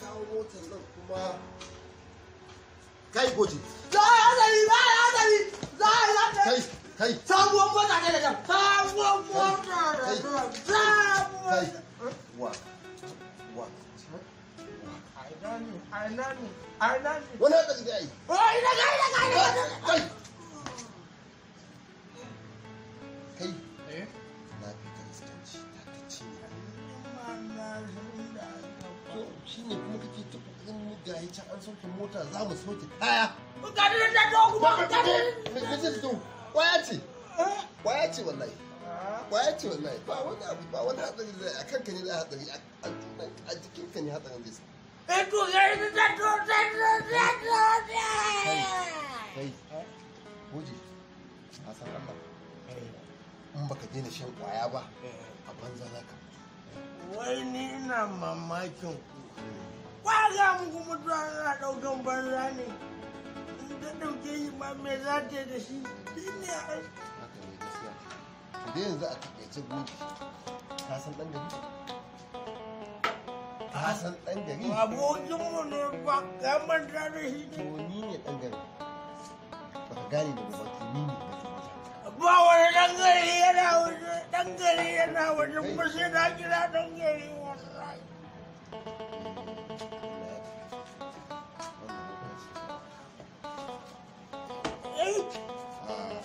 kawo motar nan kuma kai goji za a yi hatsari za a yi hatsari za a yi hatsari sabuwar mota ne da jan sabuwar mota da jan sabuwar wa wa wa ainani ainani ainani wani hatsari da yi o ina gari da gari can an soke mota za mu soke kaya gani da dawo kuma gani waya ce waya ce wallahi waya ce wallahi ba wani abu ba wani hatsari zai a kanka ne zai hatsari a jikinka ne hatsarin zai sa Eto gani da dawo da dawo da goje a san Allah eh. in baka daina shan kwaya ba eh. a banza naka wai ni na mamakin ku kwaga mu kuma duwara ɗaukan banza ne in ta ɗauke shi ma me za ta da shi shi a yanzu a takaice ka san ɗan gari ka san gari abokinmu ne ba ka manta da shi ne to ni ne gari ba ka gane ni ne ba wani ɗan gari yana wajen ɗan gari yana wajen ba sai na kira ɗan gari wasu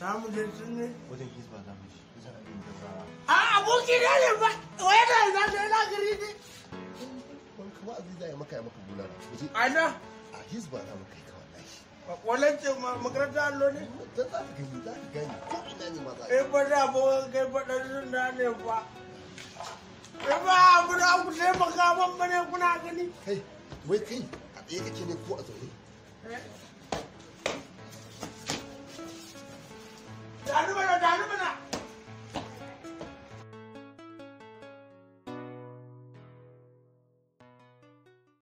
samu da sun ne wajen a yi ta a za makaranta ta gani za gani ba da abokan kai ba ɗan sanda ne ba. Yaba abu da ku taimaka ban bane kuna gani. Kai, wai kai a tsaye kake ne ko a zaune? Eh.